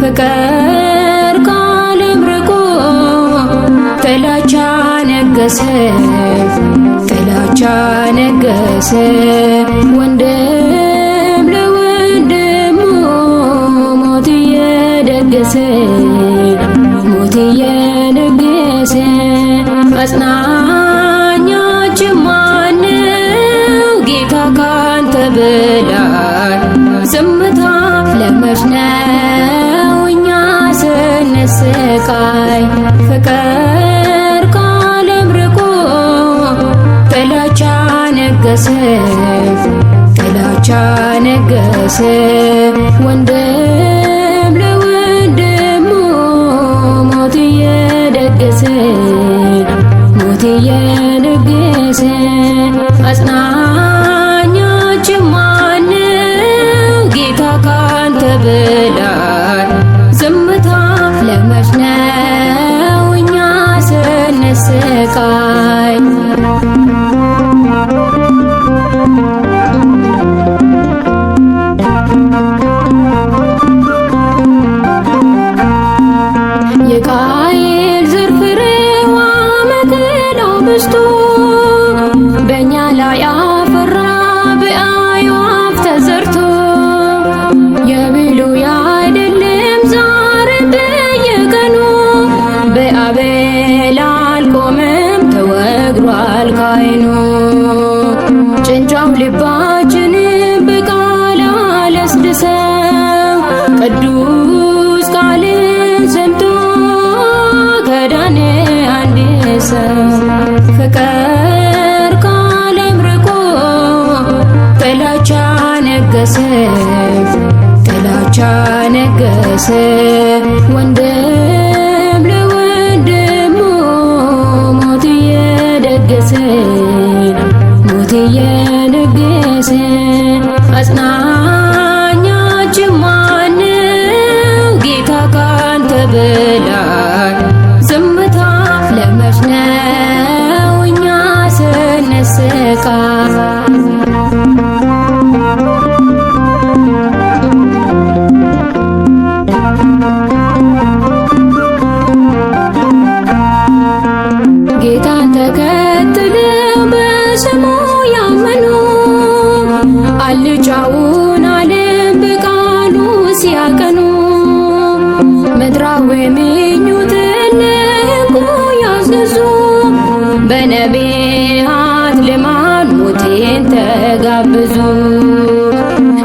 ፍቅር ከልብ ርቆ ጥላቻ ነገሰ፣ ጥላቻ ነገሰ። ወንድም ለወንድሙ ሞት እየደገሰ ሞት እየነገሰ አጽናኛችን ማነው? ጌታ ካንተ በላይ ዝምታ ለመች ነው እኛ ስንሰቃይ ፍቅር ነገሰ፣ ጥላቻ ነገሰ። ወንድም ለወንድሙ ሞት እየደገሰ ሞት እየደገሰ አጽናኛች ማነው ጌታ ካንተ በላይ? ዝምታ ለመች ነው እኛ ስንሰቃይ ልባችን በቃል አላስደሰው ቅዱስ ቃል ሰምቶ ከዳነ አንድ ሰው ፍቅር ከዓለም ርቆ ጥላቻ ነገሰ ጥላቻ ነገሰ ወንደ የነገሰ አጽናኛችን ማነው? ጌታ ካንተ በላይ ዝምታ ለመች ነው እኛ ስንሰቃይ ጌታን ተከትለው ስሙ ያመኑ አልጫውን ዓለም በቃሉ ሲያቀኑ ምድራዊ ምኞትን ለሕጉ ያዘዙ በነቢያት ልማድ ሞቴን ተጋበዙ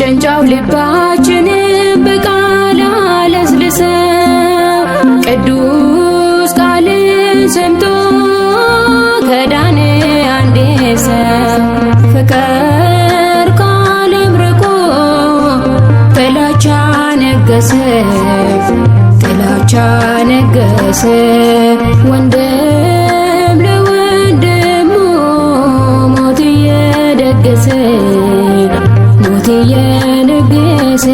ጭንጫው ልባችንን በቃል አለስልሰው ቅዱስ ቃልን ሰምቶ ፍቅር ቃልም ርቆ ጥላቻ ነገሰ ጥላቻ ነገሰ ወንድም ለወንድሙ ሞት እየደገሰ ሞት እየደገሰ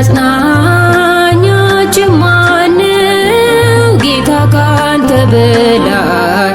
አጽናኛችን ማነው ጌታ ካንተ በላይ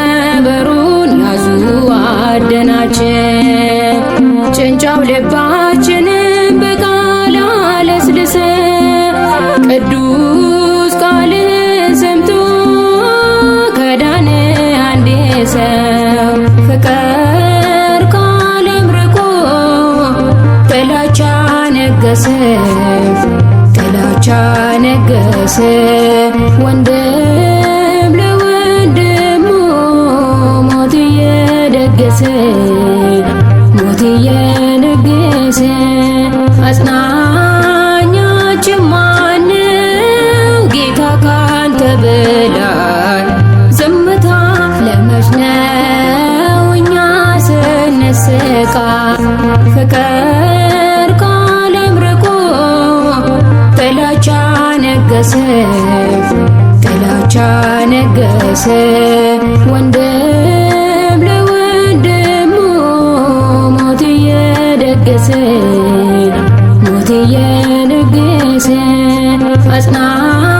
ቅዱስ ቃል ሰምቶ ከዳነ አንድ ሰው ፍቅር ከዓለም ርቆ ጥላቻ ነገሰ ጥላቻ ነገሰ ወንድም ለወንድሙ ሞት እየደገሰ ደረሰ ወንድም ለወንድሙ ሞት እየደገሰ ሞት እየነገሰ አጽና